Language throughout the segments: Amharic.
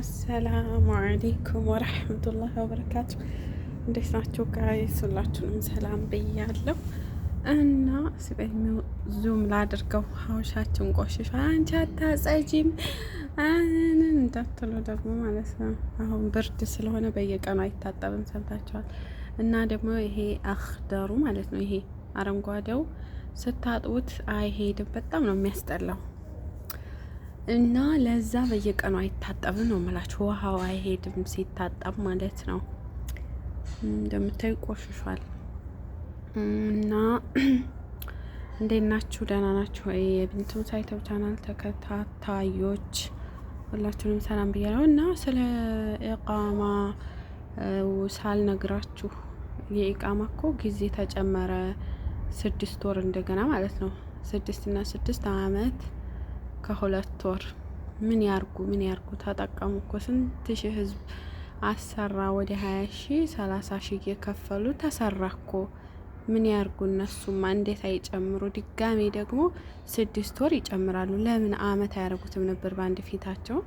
አሰላሙ አሌይኩም ወረህመቱላህ ወበረካቱ። እንዴት ናችሁ ጋይስ? ሁላችሁንም ሰላም ብያለሁ እና ስበሚው ዙም ላድርገው። ሀውሻችን ቆሽሽ አንቺ አታጸጂም እንዳትሉ ደግሞ ማለት ነው። አሁን ብርድ ስለሆነ በየቀኑ አይታጠብም ሰምታችኋል። እና ደግሞ ይሄ አክደሩ ማለት ነው። ይሄ አረንጓዴው ስታጥቡት አይሄድም። በጣም ነው የሚያስጠላው እና ለዛ በየቀኑ አይታጠብም ነው የምላችሁ። ውሃው አይሄድም ሲታጠብ ማለት ነው። እንደምታዩ ቆሽሿል። እና እንዴት ናችሁ? ደህና ናችሁ? የቢንቱን ሳይተው ቻናል ተከታታዮች ሁላችሁንም ሰላም ብያለሁ። እና ስለ ኢቃማ ሳልነግራችሁ የኢቃማ እኮ ጊዜ ተጨመረ ስድስት ወር እንደገና ማለት ነው ስድስት እና ስድስት አመት ከሁለት ወር ምን ያርጉ ምን ያርጉ ተጠቀሙ እኮ ስንት ሺ ህዝብ አሰራ ወደ ሀያ ሺ ሰላሳ ሺ እየከፈሉ ተሰራ እኮ ምን ያርጉ እነሱማ እንዴት አይጨምሩ ድጋሜ ደግሞ ስድስት ወር ይጨምራሉ ለምን አመት አያደርጉትም ነበር በአንድ ፊታቸው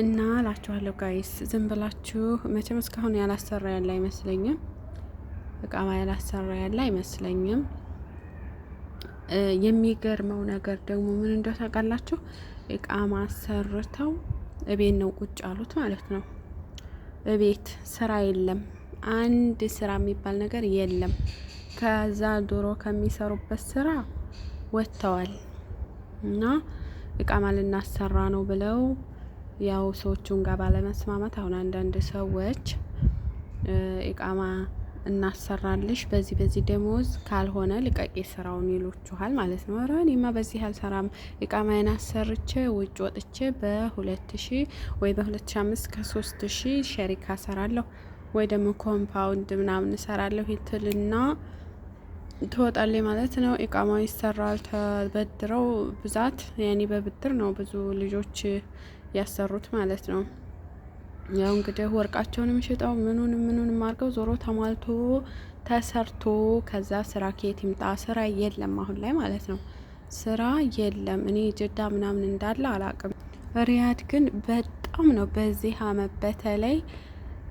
እና እላችኋለሁ ጋይስ ዝም ብላችሁ መቼም እስካሁን ያላሰራ ያለ አይመስለኝም እቃማ ያላሰራ ያለ አይመስለኝም የሚገርመው ነገር ደግሞ ምን እንደው ታውቃላችሁ? እቃ ማሰርተው እቤት ነው ቁጭ አሉት ማለት ነው። እቤት ስራ የለም፣ አንድ ስራ የሚባል ነገር የለም። ከዛ ድሮ ከሚሰሩበት ስራ ወጥተዋል እና እቃማ ልናሰራ ነው ብለው ያው ሰዎቹን ጋር ባለመስማማት አሁን አንዳንድ ሰዎች እቃማ እናሰራልሽ፣ በዚህ በዚህ ደሞዝ ካልሆነ ልቀቄ ስራውን ይሉችኋል ማለት ነው። ኧረ እኔማ በዚህ አልሰራም እቃማይን አሰርቼ ውጭ ወጥቼ በሁለት ሺ ወይ በሁለት ሺ አምስት ከሶስት ሺ ሸሪካ እሰራለሁ ወይ ደግሞ ኮምፓውንድ ምናምን እሰራለሁ ይትልና ትወጣለች ማለት ነው። ኢቃማ ይሰራል። ተበድረው ብዛት ያኔ በብድር ነው ብዙ ልጆች ያሰሩት ማለት ነው። ያው እንግዲህ ወርቃቸውንም ሽጠው ምኑን ምኑንም አድርገው ዞሮ ተሟልቶ ተሰርቶ ከዛ ስራ ከየት ይምጣ? ስራ የለም አሁን ላይ ማለት ነው። ስራ የለም። እኔ ጅዳ ምናምን እንዳለ አላቅም። ሪያድ ግን በጣም ነው በዚህ አመት በተለይ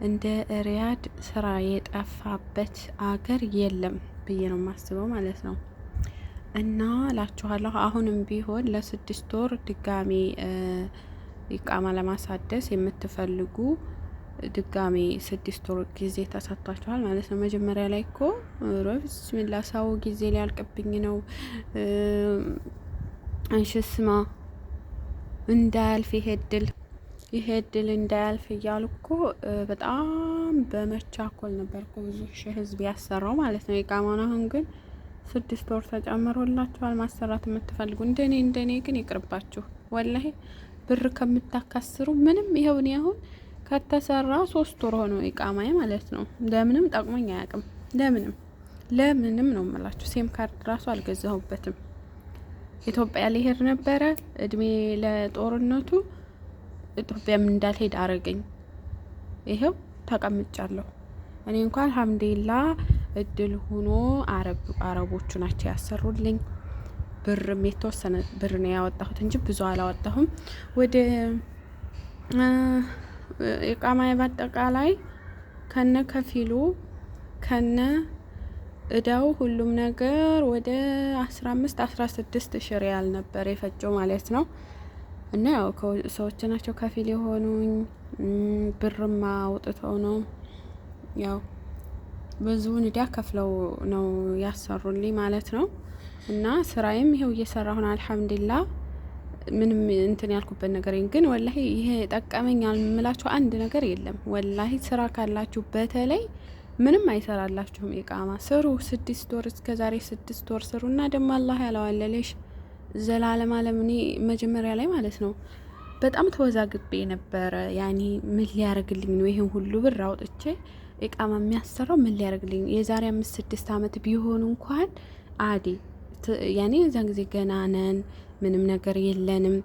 እንደ ሪያድ ስራ የጠፋበት አገር የለም ብዬ ነው የማስበው ማለት ነው። እና ላችኋለሁ አሁንም ቢሆን ለስድስት ወር ድጋሜ ይቃማ ለማሳደስ የምትፈልጉ ድጋሜ ስድስት ወር ጊዜ ተሰጥቷችኋል ማለት ነው። መጀመሪያ ላይ እኮ ቢስሚላ ሰው ጊዜ ሊያልቅብኝ ነው እንሽስማ እንዳያልፍ ይሄ እድል ይሄ እድል እንዳያልፍ እያሉ እኮ በጣም በመቻኮል ነበር እኮ ብዙ ሺህ ህዝብ ያሰራው ማለት ነው የቃማን አሁን ግን ስድስት ወር ተጨምሮላችኋል ማሰራት የምትፈልጉ እንደኔ እንደኔ ግን ይቅርባችሁ ወላሄ ብር ከምታካስሩ ምንም ይኸውን ያሁን ከተሰራ ሶስት ወር ሆኖ ኢቃማዬ ማለት ነው። ለምንም ጠቅሞኝ አያውቅም። ለምንም ለምንም ነው የምላችሁ። ሴም ካርድ ራሱ አልገዛሁበትም። ኢትዮጵያ ልሄድ ነበረ እድሜ ለጦርነቱ ኢትዮጵያም እንዳልሄድ አረገኝ። ይኸው ተቀምጫለሁ። እኔ እንኳን አልሐምዱሊላህ እድል ሆኖ አረቦቹ ናቸው ያሰሩልኝ። ብርም የተወሰነ ብር ነው ያወጣሁት እንጂ ብዙ አላወጣሁም። ወደ ኢቃማ በአጠቃላይ ከነ ከፊሉ ከነ እዳው ሁሉም ነገር ወደ አስራ አምስት አስራ ስድስት ሺ ሪያል ነበር የፈጀው ማለት ነው። እና ያው ሰዎች ናቸው ከፊል የሆኑኝ ብርማ አውጥተው ነው ያው ብዙውን እዳ ከፍለው ነው ያሰሩልኝ ማለት ነው። እና ስራዬም ይኸው እየሰራሁን አልሐምዱሊላ ምንም እንትን ያልኩበት ነገር ግን ወላሂ ይሄ ጠቀመኝ የምላችሁ አንድ ነገር የለም። ወላሂ ስራ ካላችሁ በተለይ ምንም አይሰራላችሁም። ኢቃማ ስሩ፣ ስድስት ወር እስከ ዛሬ ስድስት ወር ስሩ እና ደግሞ አላህ ያለዋለለሽ ዘላለም አለም። እኔ መጀመሪያ ላይ ማለት ነው በጣም ተወዛግቤ ነበረ። ያኔ ምን ሊያደርግልኝ ነው ይሄን ሁሉ ብር አውጥቼ ኢቃማ የሚያሰራው ምን ሊያደርግልኝ? የዛሬ አምስት ስድስት አመት ቢሆን እንኳን አዴ ያኔ እዛን ጊዜ ገና ነን፣ ምንም ነገር የለንም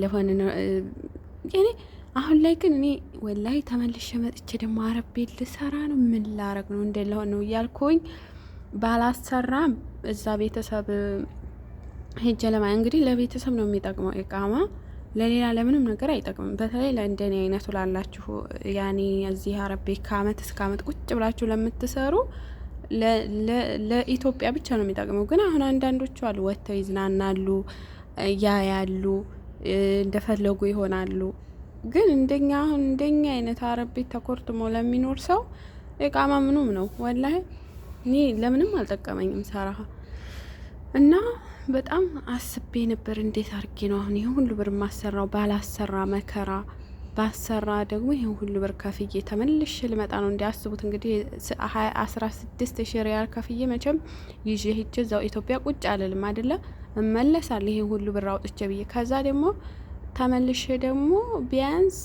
ለሆነ ያኔ አሁን ላይ ግን እኔ ወላይ ተመልሼ መጥቼ ደግሞ አረቤ ልሰራ ነው ምን ላረግ ነው እንደ ለሆን ነው እያልኩኝ ባላሰራም እዛ ቤተሰብ ሄጀ ለማ እንግዲህ ለቤተሰብ ነው የሚጠቅመው ኢቃማ ለሌላ ለምንም ነገር አይጠቅምም። በተለይ ለእንደኔ አይነቱ ላላችሁ ያኔ እዚህ አረቤ ከአመት እስከ አመት ቁጭ ብላችሁ ለምትሰሩ ለኢትዮጵያ ብቻ ነው የሚጠቅመው። ግን አሁን አንዳንዶቹ አሉ ወጥተው ይዝናናሉ፣ ያያሉ፣ እንደፈለጉ ይሆናሉ። ግን እንደኛ አሁን እንደኛ አይነት አረብ ቤት ተኮርትሞ ለሚኖር ሰው እቃማ ምኑም ነው ወላሂ እኔ ለምንም አልጠቀመኝም ሰራ እና በጣም አስቤ ነበር። እንዴት አድርጌ ነው አሁን ይህ ሁሉ ብር ማሰራው ባላሰራ መከራ ባሰራ ደግሞ ይህን ሁሉ ብር ከፍዬ ተመልሽ ልመጣ ነው። እንዲያስቡት እንግዲህ አስራ ስድስት ሺ ሪያል ከፍዬ መቼም ይዤ ሂጄ እዛው ኢትዮጵያ ቁጭ አልልም አይደለ? እመለሳለሁ ይህን ሁሉ ብር አውጥቼ ብዬ ከዛ ደግሞ ተመልሼ ደግሞ ቢያንስ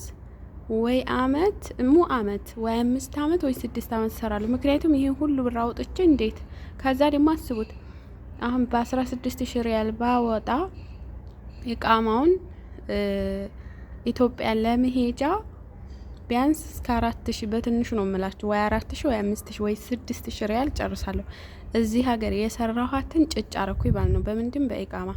ወይ አመት ሙ አመት ወይ አምስት አመት ወይ ስድስት አመት እሰራለሁ። ምክንያቱም ይህን ሁሉ ብር አውጥቼ እንዴት ከዛ ደግሞ አስቡት አሁን በአስራ ስድስት ሺ ሪያል ባወጣ ኢቃማውን ኢትዮጵያ ለመሄጃ ቢያንስ እስከ አራት ሺ በትንሹ ነው የምላችሁ ወይ አራት ሺ ወይ አምስት ሺ ወይ ስድስት ሺ ሪያል ጨርሳለሁ። እዚህ ሀገር የሰራኋትን ጭጭ አረኩ ይባል ነው በምንድን በኢቃማ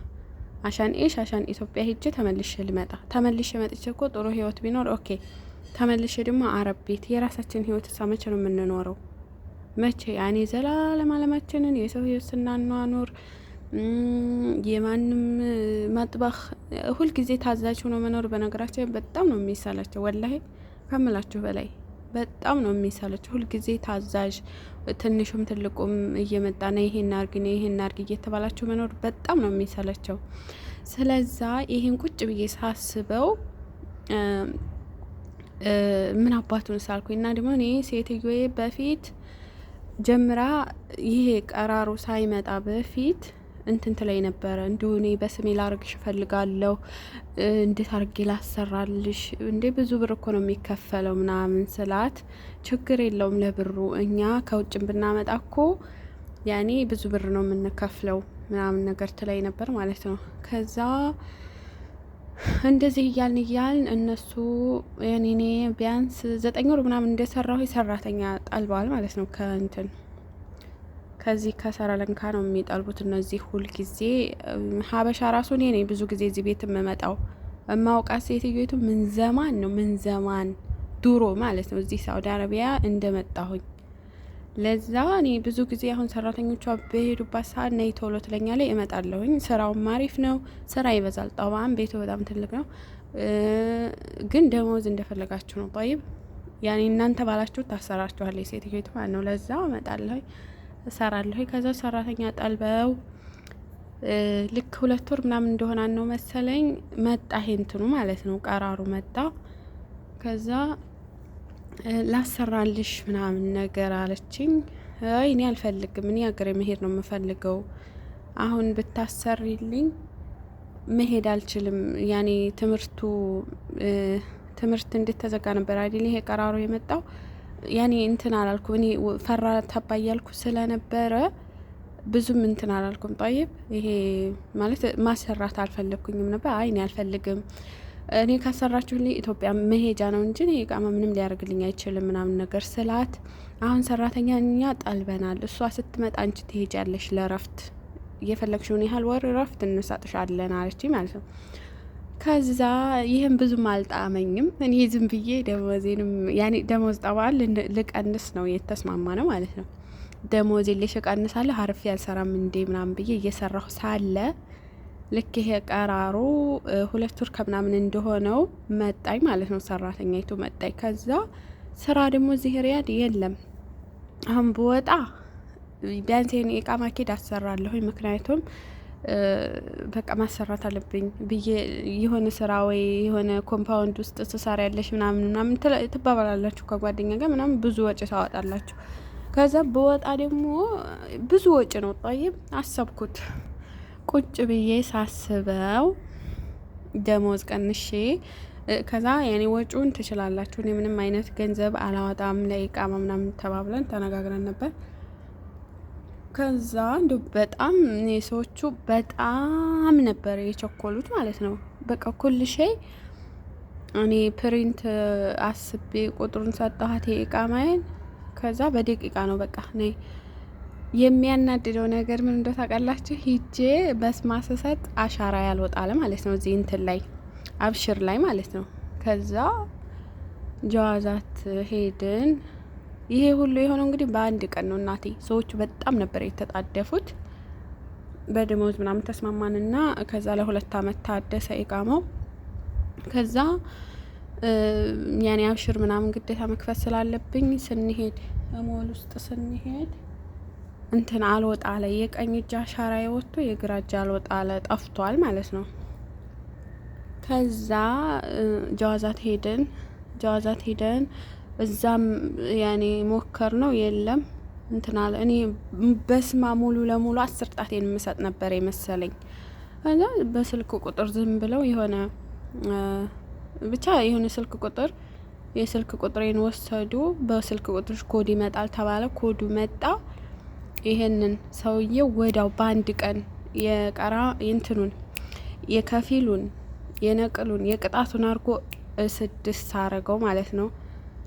አሻን ኤሽ አሻን ኢትዮጵያ ሄጄ ተመልሼ ልመጣ ተመልሼ መጥቼ እኮ ጥሩ ህይወት ቢኖር ኦኬ፣ ተመልሼ ደግሞ አረብ ቤት የራሳችን ህይወት እሳ መቼ ነው የምንኖረው? መቼ ያኔ ዘላለም አለማችንን የሰው ህይወት ስናኗኑር የማንም መጥባህ ሁልጊዜ ታዛዥ ሆኖ መኖር በነገራቸው በጣም ነው የሚሳላቸው። ወላሂ ከምላችሁ በላይ በጣም ነው የሚሳላቸው። ሁልጊዜ ታዛዥ ትንሹም ትልቁም እየመጣ ነው ይሄን አርግ ነው ይሄን አርግ እየተባላችሁ መኖር በጣም ነው የሚሳላቸው። ስለዛ ይሄን ቁጭ ብዬ ሳስበው ምን አባቱን ሳልኩኝ እና ደግሞ እኔ ሴትዮዬ በፊት ጀምራ ይሄ ቀራሩ ሳይመጣ በፊት እንትንት ላይ ነበረ እንዲሁ እኔ በስሜ ላርግሽ እፈልጋለሁ፣ እንዴት አርጌ ላሰራልሽ፣ እንዴ ብዙ ብር እኮ ነው የሚከፈለው ምናምን ስላት፣ ችግር የለውም ለብሩ እኛ ከውጭም ብናመጣ እኮ ያኔ ብዙ ብር ነው የምንከፍለው ምናምን ነገር ትላይ ነበር ማለት ነው። ከዛ እንደዚህ እያልን እያልን እነሱ የኔ ቢያንስ ዘጠኝ ወር ምናምን እንደሰራሁ የሰራተኛ ጣልበዋል ማለት ነው ከእንትን ከዚህ ከሰረለንካ ነው የሚጠልቡት እነዚህ ሁልጊዜ ሀበሻ ራሱ እኔ ነኝ ብዙ ጊዜ እዚህ ቤት የምመጣው የማውቃት ሴትዮቱ ምን ዘማን ነው ምን ዘማን ዱሮ ማለት ነው እዚህ ሳውዲ አረቢያ እንደመጣሁኝ ለዛ እኔ ብዙ ጊዜ አሁን ሰራተኞቿ በሄዱባት ሰዓት ነይ ቶሎ ትለኛለች። እመጣለሁኝ። ስራውም አሪፍ ነው፣ ስራ ይበዛል። ጠባም ቤቱ በጣም ትልቅ ነው፣ ግን ደሞዝ እንደፈለጋችሁ ነው። ጠይብ ያኔ እናንተ ባላችሁ ታሰራችኋል፣ የሴትዮዋ ማለት ነው። ለዛ እመጣለሁኝ። እሰራለሁ። ከዛ ሰራተኛ ጠልበው ልክ ሁለት ወር ምናምን እንደሆነ ነው መሰለኝ መጣ ይሄ እንትኑ ማለት ነው ቀራሩ መጣ። ከዛ ላሰራልሽ ምናምን ነገር አለችኝ። አይ እኔ አልፈልግም፣ እኔ ሀገሬ መሄድ ነው የምፈልገው። አሁን ብታሰሪልኝ መሄድ አልችልም። ያኔ ትምህርቱ ትምህርት እንዴት ነበር አይደል? ይሄ ቀራሩ የመጣው ያኔ እንትን አላልኩም። እኔ ፈራ ታባ እያልኩ ስለነበረ ብዙም እንትን አላልኩም። ጠይብ ይሄ ማለት ማሰራት አልፈለግኩኝም ነበር። አይ እኔ አልፈልግም፣ እኔ ካሰራችሁልኝ ኢትዮጵያ መሄጃ ነው እንጂ እኔ ቃማ ምንም ሊያደርግልኝ አይችልም ምናምን ነገር ስላት፣ አሁን ሰራተኛ እኛ ጠልበናል። እሷ ስትመጣ አንቺ ትሄጃለሽ ለረፍት፣ እየፈለግሽውን ያህል ወር ረፍት እንሰጥሻለን አለች ማለት ነው። ከዛ ይህም ብዙም አልጣመኝም። እኔ ዝም ብዬ ደሞዜንም ያኔ ደሞዝ ጠባል ልቀንስ ነው የተስማማ ነው ማለት ነው። ደሞዜ ልሽ እቀንሳለሁ አርፌ አልሰራም እንዴ ምናምን ብዬ እየሰራሁ ሳለ ልክ ይሄ ቀራሩ ሁለት ወር ከምናምን እንደሆነው መጣኝ ማለት ነው። ሰራተኛይቱ መጣኝ። ከዛ ስራ ደግሞ እዚህ ሪያድ የለም። አሁን ብወጣ ቢያንስ ይሄን እቃ አሰራለሁኝ ምክንያቱም በቃ ማሰራት አለብኝ ብዬ የሆነ ስራ ወይ የሆነ ኮምፓውንድ ውስጥ ትሰራ ያለሽ ምናምን ምናምን ትባባላላችሁ ከጓደኛ ጋር ምናምን ብዙ ወጪ ታወጣላችሁ። ከዛ በወጣ ደግሞ ብዙ ወጪ ነው። ጣይብ አሰብኩት ቁጭ ብዬ ሳስበው ደሞዝ ቀንሼ ከዛ ያኔ ወጪውን ትችላላችሁ፣ እኔ ምንም አይነት ገንዘብ አላወጣም ለኢቃማ ምናምን ተባብለን ተነጋግረን ነበር። ከዛ እንዲ በጣም እኔ ሰዎቹ በጣም ነበር የቸኮሉት ማለት ነው። በቃ ኩልሼ እኔ ፕሪንት አስቤ ቁጥሩን ሰጠኋት የእቃማዬን። ከዛ በደቂቃ ነው በቃ ነ የሚያናድደው ነገር ምን እንደ ታውቃላችሁ? ሂጄ በስማ ስሰጥ አሻራ ያልወጣለ ማለት ነው እዚህ እንትን ላይ አብሽር ላይ ማለት ነው። ከዛ ጀዋዛት ሄድን ይሄ ሁሉ የሆነው እንግዲህ በአንድ ቀን ነው እናቴ። ሰዎቹ በጣም ነበር የተጣደፉት። በደሞዝ ምናምን ተስማማንና ከዛ ለሁለት አመት ታደሰ ኢቃማው። ከዛ ያኔ አብሽር ምናምን ግዴታ መክፈት ስላለብኝ ስንሄድ ሞል ውስጥ ስንሄድ እንትን አልወጣ አለ። የቀኝ እጅ አሻራ የወጥቶ የግራ እጅ አልወጣ አለ፣ ጠፍቷል ማለት ነው። ከዛ ጀዋዛት ሄደን ጀዋዛት ሄደን እዛም ያኔ ሞከር ነው የለም እንትናለ እኔ በስማ ሙሉ ለሙሉ አስር ጣቴን የምሰጥ ነበር የመሰለኝ። ከዛ በስልክ ቁጥር ዝም ብለው የሆነ ብቻ የሆነ ስልክ ቁጥር የስልክ ቁጥሬን ወሰዱ። በስልክ ቁጥሮች ኮድ ይመጣል ተባለ። ኮዱ መጣ። ይሄንን ሰውዬ ወዳው በአንድ ቀን የቀራ እንትኑን የከፊሉን የነቅሉን የቅጣቱን አድርጎ ስድስት አረገው ማለት ነው።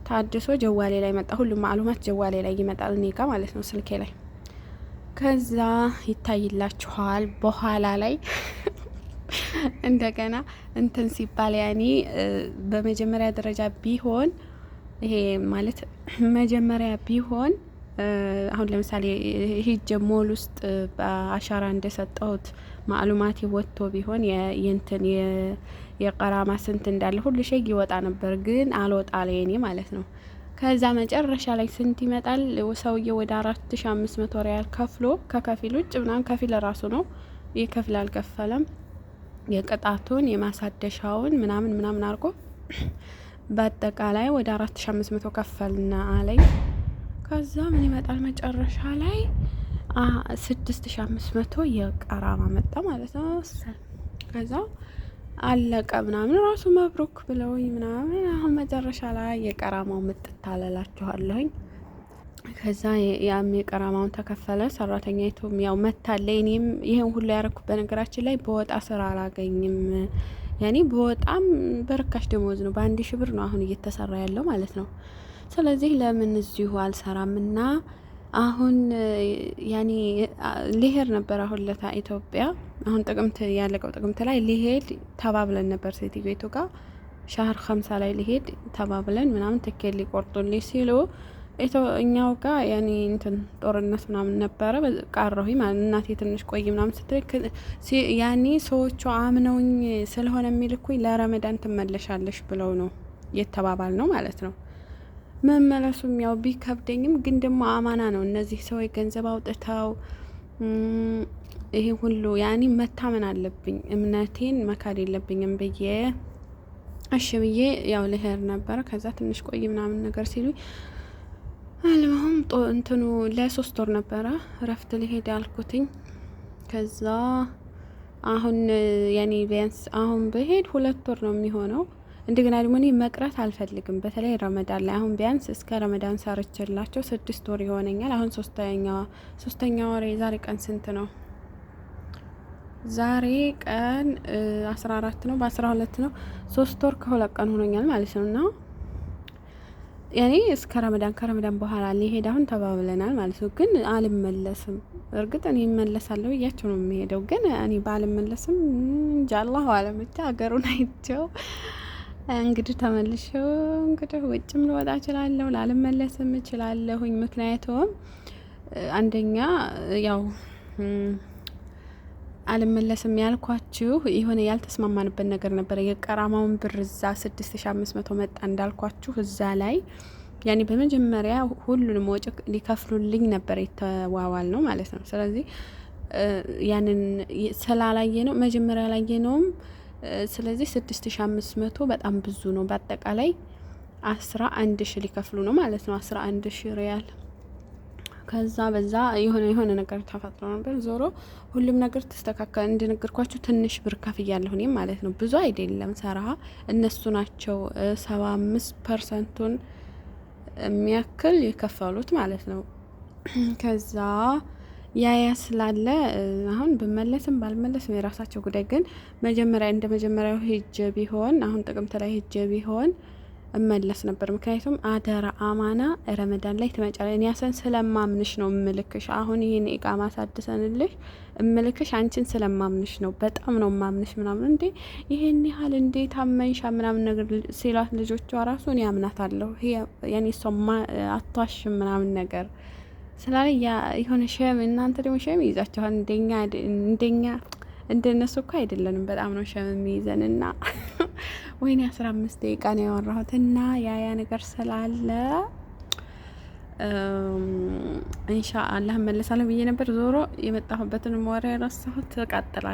ታድሶ ጀዋሌ ላይ መጣ። ሁሉም ማዕሉማት ጀዋሌ ላይ ይመጣል፣ እኔ ጋ ማለት ነው ስልኬ ላይ። ከዛ ይታይላችኋል በኋላ ላይ እንደገና እንትን ሲባል ያኔ በመጀመሪያ ደረጃ ቢሆን ይሄ ማለት መጀመሪያ ቢሆን አሁን ለምሳሌ ሂጅ ሞል ውስጥ አሻራ እንደሰጠሁት ማዕሉማት ወጥቶ ቢሆን የንትን የቀራማ ስንት እንዳለ ሁሉ ሸግ ይወጣ ነበር፣ ግን አልወጣ እኔ ማለት ነው። ከዛ መጨረሻ ላይ ስንት ይመጣል? ሰውዬው ወደ አራት ሺ አምስት መቶ ሪያል ከፍሎ ከከፊል ውጭ ምናምን ከፊል ራሱ ነው የከፊል አልከፈለም። የቅጣቱን የማሳደሻውን ምናምን ምናምን አድርጎ በአጠቃላይ ወደ አራት ሺ አምስት መቶ ከፈልና አለኝ። ከዛ ምን ይመጣል መጨረሻ ላይ ስድስት ሺ አምስት መቶ የቀራማ መጣ ማለት ነው። ከዛ አለቀ ምናምን ራሱ መብሩክ ብለውኝ ምናምን አሁን መጨረሻ ላይ የቀራማው ምጥታለላችኋለሁኝ። ከዛ ያም የቀራማውን ተከፈለ። ሰራተኛይቱም ያው መታለ። እኔም ይህን ሁሉ ያደረኩት በነገራችን ላይ በወጣ ስራ አላገኝም። ያኔ በወጣም በርካሽ ደሞዝ ነው፣ በአንድ ሺህ ብር ነው አሁን እየተሰራ ያለው ማለት ነው። ስለዚህ ለምን እዚሁ አልሰራምና አሁን ያኔ ሊሄድ ነበር። አሁን ለታ ኢትዮጵያ አሁን ጥቅምት ያለቀው ጥቅምት ላይ ሊሄድ ተባብለን ነበር ሴትዮቱ ጋር ሻህር ከምሳ ላይ ሊሄድ ተባብለን ምናምን ትኬት ሊቆርጡልኝ ሲሉ እኛው ጋ ያኔ እንትን ጦርነት ምናምን ነበረ። ቀረሁ ማለት እናቴ ትንሽ ቆይ ምናምን ስትል ያኔ ሰዎቹ አምነውኝ ስለሆነ የሚልኩኝ ለረመዳን ትመለሻለሽ ብለው ነው የተባባል ነው ማለት ነው መመለሱም ያው ቢከብደኝም ግን ደግሞ አማና ነው። እነዚህ ሰዎች ገንዘብ አውጥተው ይሄ ሁሉ ያኔ መታመን አለብኝ፣ እምነቴን መካድ የለብኝም ብዬ እሺ ብዬ ያው ልሄድ ነበረ። ከዛ ትንሽ ቆይ ምናምን ነገር ሲሉ አልማሁም እንትኑ ለሶስት ወር ነበረ እረፍት ልሄድ ያልኩትኝ። ከዛ አሁን ያኔ ቢያንስ አሁን በሄድ ሁለት ወር ነው የሚሆነው እንደገና ደግሞ እኔ መቅረት አልፈልግም። በተለይ ረመዳን ላይ አሁን ቢያንስ እስከ ረመዳን ሰርችላቸው ስድስት ወር ይሆነኛል። አሁን ሶስተኛ ወር የዛሬ ቀን ስንት ነው? ዛሬ ቀን አስራ አራት ነው በአስራ ሁለት ነው ሶስት ወር ከሁለት ቀን ሆኖኛል ማለት ነው እና ያኔ እስከ ረመዳን ከረመዳን በኋላ ሊሄድ አሁን ተባብለናል ማለት ነው። ግን አልመለስም። እርግጥ እኔ እመለሳለሁ እያቸው ነው የሚሄደው። ግን እኔ ባልመለስም እንጃ አላሁ ሀገሩን አይቸው እንግዲህ ተመልሼው እንግዲህ ውጭም ልወጣ እችላለሁ፣ ላልመለስም እችላለሁኝ። ምክንያቱም አንደኛ ያው አልመለስም ያልኳችሁ የሆነ ያልተስማማንበት ነገር ነበረ። የቀራማውን ብር እዛ ስድስት ሺ አምስት መቶ መጣ እንዳልኳችሁ እዛ ላይ ያኔ በመጀመሪያ ሁሉንም ወጪ ሊከፍሉልኝ ነበር የተዋዋል ነው ማለት ነው። ስለዚህ ያንን ስላላየ ነው መጀመሪያ ላየ ነውም ስለዚህ ስድስት ሺ አምስት መቶ በጣም ብዙ ነው። በአጠቃላይ አስራ አንድ ሺ ሊከፍሉ ነው ማለት ነው። አስራ አንድ ሺ ሪያል ከዛ በዛ የሆነ የሆነ ነገር ተፈጥሮ ነበር። ዞሮ ሁሉም ነገር ተስተካከለ። እንደነገርኳችሁ ትንሽ ብር ከፍያለሁ እኔም ማለት ነው። ብዙ አይደለም ሰራሀ እነሱ ናቸው ሰባ አምስት ፐርሰንቱን የሚያክል የከፈሉት ማለት ነው ከዛ ያያ ስላለ አሁን ብመለስም ባልመለስም የራሳቸው ጉዳይ ግን መጀመሪያ እንደ መጀመሪያው ሄጀ ቢሆን አሁን ጥቅምት ላይ ሄጀ ቢሆን እመለስ ነበር። ምክንያቱም አደራ አማና ረመዳን ላይ ትመጫለ እኔ ያሰን ስለማምንሽ ነው እምልክሽ። አሁን ይህን ኢቃማ ሳድሰንልሽ እምልክሽ አንቺን ስለማምንሽ ነው። በጣም ነው ማምንሽ ምናምን እንዴ ይህን ያህል እንዴ ታመንሻ ምናምን ነገር ሲሏት ልጆቿ ራሱ እኔ አለሁ ያኔ ሰማ አቷሽ ምናምን ነገር ስላለ የሆነ ሸም እናንተ ደግሞ ሸም ይይዛችኋል። እንደኛ እንደኛ እንደነሱ እኮ አይደለንም። በጣም ነው ሸም የሚይዘን እና ወይኔ አስራ አምስት ደቂቃ ነው ያወራሁት እና ያያ ነገር ስላለ ኢንሻአላህ መለሳለሁ ብዬ ነበር። ዞሮ የመጣሁበትን ወሬ ረሳሁት። እቀጥላለሁ።